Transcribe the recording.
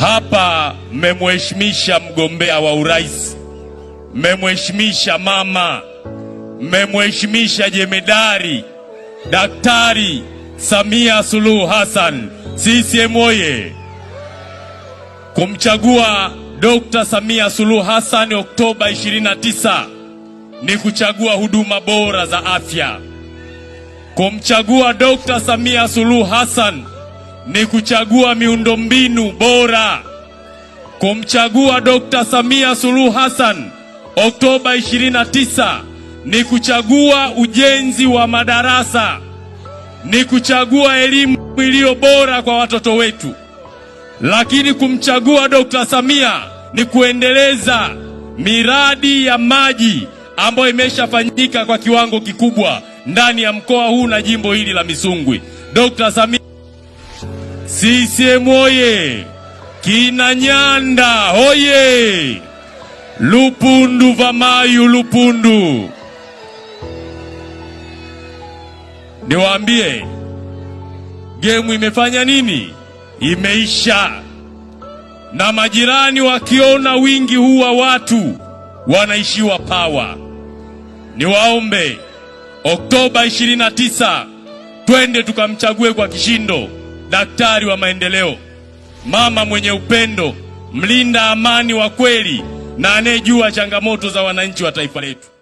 hapa mmemheshimisha mgombea wa urais, mmemheshimisha mama, mmemheshimisha jemedari Daktari Samia Suluhu Hassan, CCM oye! Kumchagua Dr. Samia Suluhu Hassan Oktoba 29 ni kuchagua huduma bora za afya. Kumchagua Dr. Samia Suluhu Hassan ni kuchagua miundombinu bora, kumchagua Dr. Samia Suluhu Hassan Oktoba 29 ni kuchagua ujenzi wa madarasa, ni kuchagua elimu iliyo bora kwa watoto wetu. Lakini kumchagua Dr. Samia ni kuendeleza miradi ya maji ambayo imeshafanyika kwa kiwango kikubwa ndani ya mkoa huu na jimbo hili la Misungwi. Dr. Samia CCM oye! nyanda oye! Lupundu Vamayu Lupundu, niwaambie gemu imefanya nini? Imeisha. Na majirani wakiona wingi huu wa watu wanaishiwa pawa, niwaombe Oktoba 29 twende tukamchague kwa kishindo daktari wa maendeleo, mama mwenye upendo, mlinda amani wa kweli na anayejua changamoto za wananchi wa taifa letu.